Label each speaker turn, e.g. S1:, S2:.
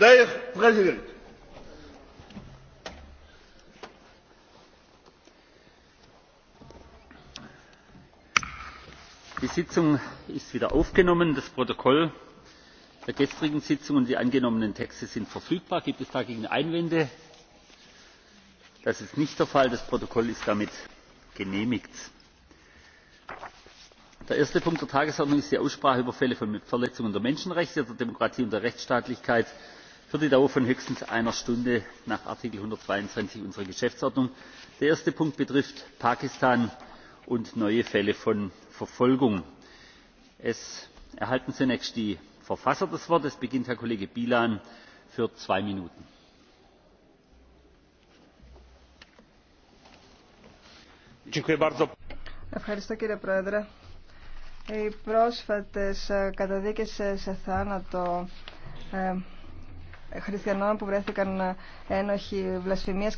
S1: Dear President,
S2: die Sitzung ist wieder aufgenommen. Das Protokoll der gestrigen Sitzung und die angenommenen Texte sind verfügbar. Gibt es dagegen Einwände? Das ist nicht der Fall. Das Protokoll ist damit genehmigt. Der erste Punkt der Tagesordnung ist die Aussprache über Fälle von Verletzungen der Menschenrechte, der Demokratie und der Rechtsstaatlichkeit für die Dauer von höchstens einer Stunde nach Artikel 122 unserer Geschäftsordnung. Der erste Punkt betrifft Pakistan und neue Fälle von Verfolgung. Es erhalten zunächst die Verfasser das Wort. Es beginnt Herr Kollege Bilan für zwei Minuten.
S3: Ευχαριστώ κύριε χριστιανών που βρέθηκαν ένοχοι βλασφημίας